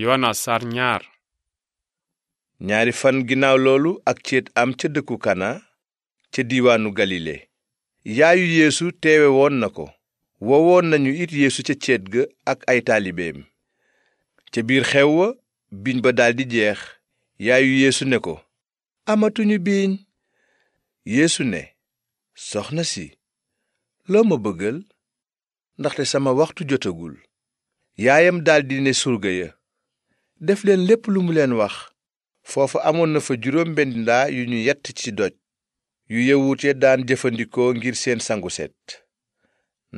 Yowaana saar ñaari fan ginnaaw loolu ak ceet am ca dëkku kana ca diiwaanu galile yaayu yéesu teewe woon na ko wowoon nañu it yéesu ca ceet ga ak ay taalibeem ca biir xew wa biiñ ba daldi jeex yaayu yéesu ne ko amatuñu biiñ yeesu ne soxna si loo ma bëggal ndaxte sama waxtu jotagul yaayam daldi ne surga ya def leen lépp lu mu leen wax foofu amoon na fa juróom benn ndaa yu ñu yett ci doj yu yëwute daan jëfandikoo ngir seen sangu set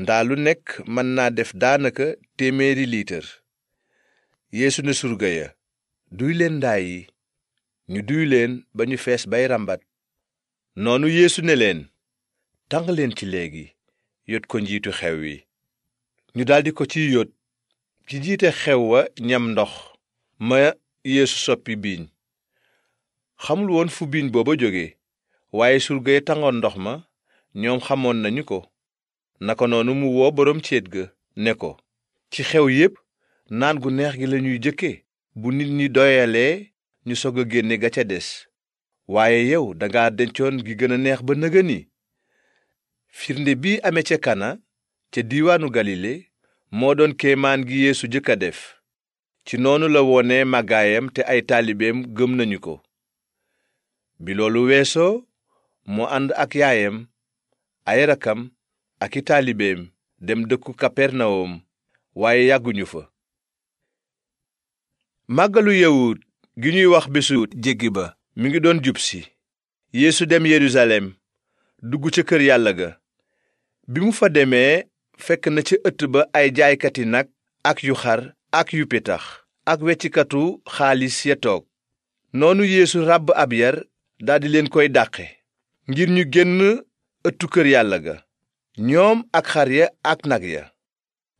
ndaa lu nekk mën naa def daanaka téeméeri liitar yéesu ne surga ya duy leen ndaa yi ñu duy leen ba ñu fees bay rambat noonu yéesu ne leen tàng leen ci léegi yot ko njiitu xew yi ñu daldi ko ciy yot ci jiite xew wa ñam ndox ma yeesu soppi biiñ xamul woon fu biiñ booba jóge waaye surgay tangoon ndox ma ñoom xamoon nañu ko naka noonu mu woo boroom céet ga ne ko ci xew yépp naan gu neex gi lañuy jëkke bu nit ñi doyalee ñu sog a génne ga ca des waaye yow danga dencoon gi gën a neex ba nëgëni firnde bi ame ca kana ca diiwaanu galile moo doon kéemaan gi yéesu jëkk a def ci noonu la wone màggaayam te ay taalibeem gëm nañu ko bi loolu weesoo mu ànd ak yaayam ay rakam ak i taalibeem dem dëkku kapernawum waaye yàgguñu fa màggalu yawut gi ñuy wax bésu jéggi ba mu ngi doon jub si yéesu dem yerusalem dugg ca kër yàlla ga bi mu fa demee fekk na ca ëtt ba ay jaaykati nag ak yu xar ak yu pitax ak weccikatu xaalis ya toog noonu yéesu ràbb ab yar daldi leen koy dàqe ngir ñu génn ëttu kër yàlla ga ñoom ak xar ya ak nag ya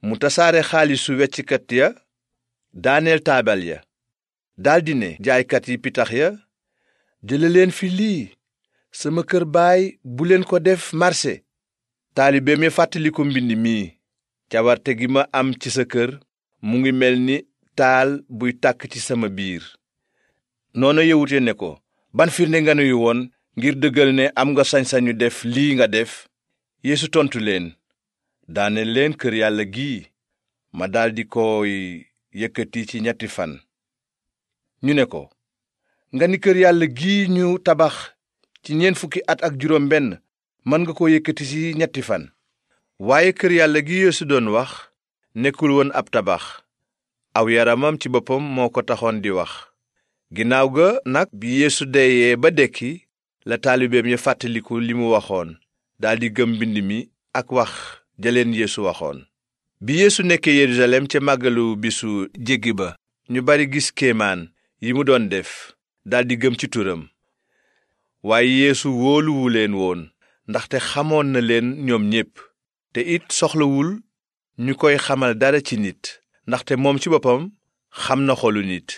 mu tasaare xaalisu weccikat ya daaneel taabal ya daldi ne jaaykat yi pitax ya jële leen fi lii sama kër baay bu leen ko def marché taalibeem ya fàttaliku mbind mii cawarte gi ma am ci sa kër mu ngi mel ni taal buy tàkk ci sama biir noona yawut ne ko ban firnde nga woon ngir dëggal ne am nga sañsañu def lii nga def yéesu tontu leen daane leen kër yàlla gii ma daldi koy yëkkati ci ñetti fan ñu ne ko nga ni kër yàlla gii ñu tabax ci ñeent fukki at ak juróom benn mën nga ko yëkkati ci ñetti fan waaye kër yàlla gi yeesu doon wax nekkul woon ab tabax aw yaramam ci boppam moo ko taxoon di wax ginnaaw ga nag bi yeesu deyee ba dekki la taalibeem ya fàttaliku li mu waxoon daldi gëm mbind mi ak wax jaleen yeesu waxoon bi yéesu nekkee yerusalem ca màggalu bisu jéggi ba ñu bari gis kéemaan yi mu doon def daldi gëm ci turam waaye yéesu wóoluwu leen woon ndaxte xamoon na leen ñoom ñépp te it soxlawul ñu koy xamal dara ci nit ndaxte moom ci boppam xam na xolu nit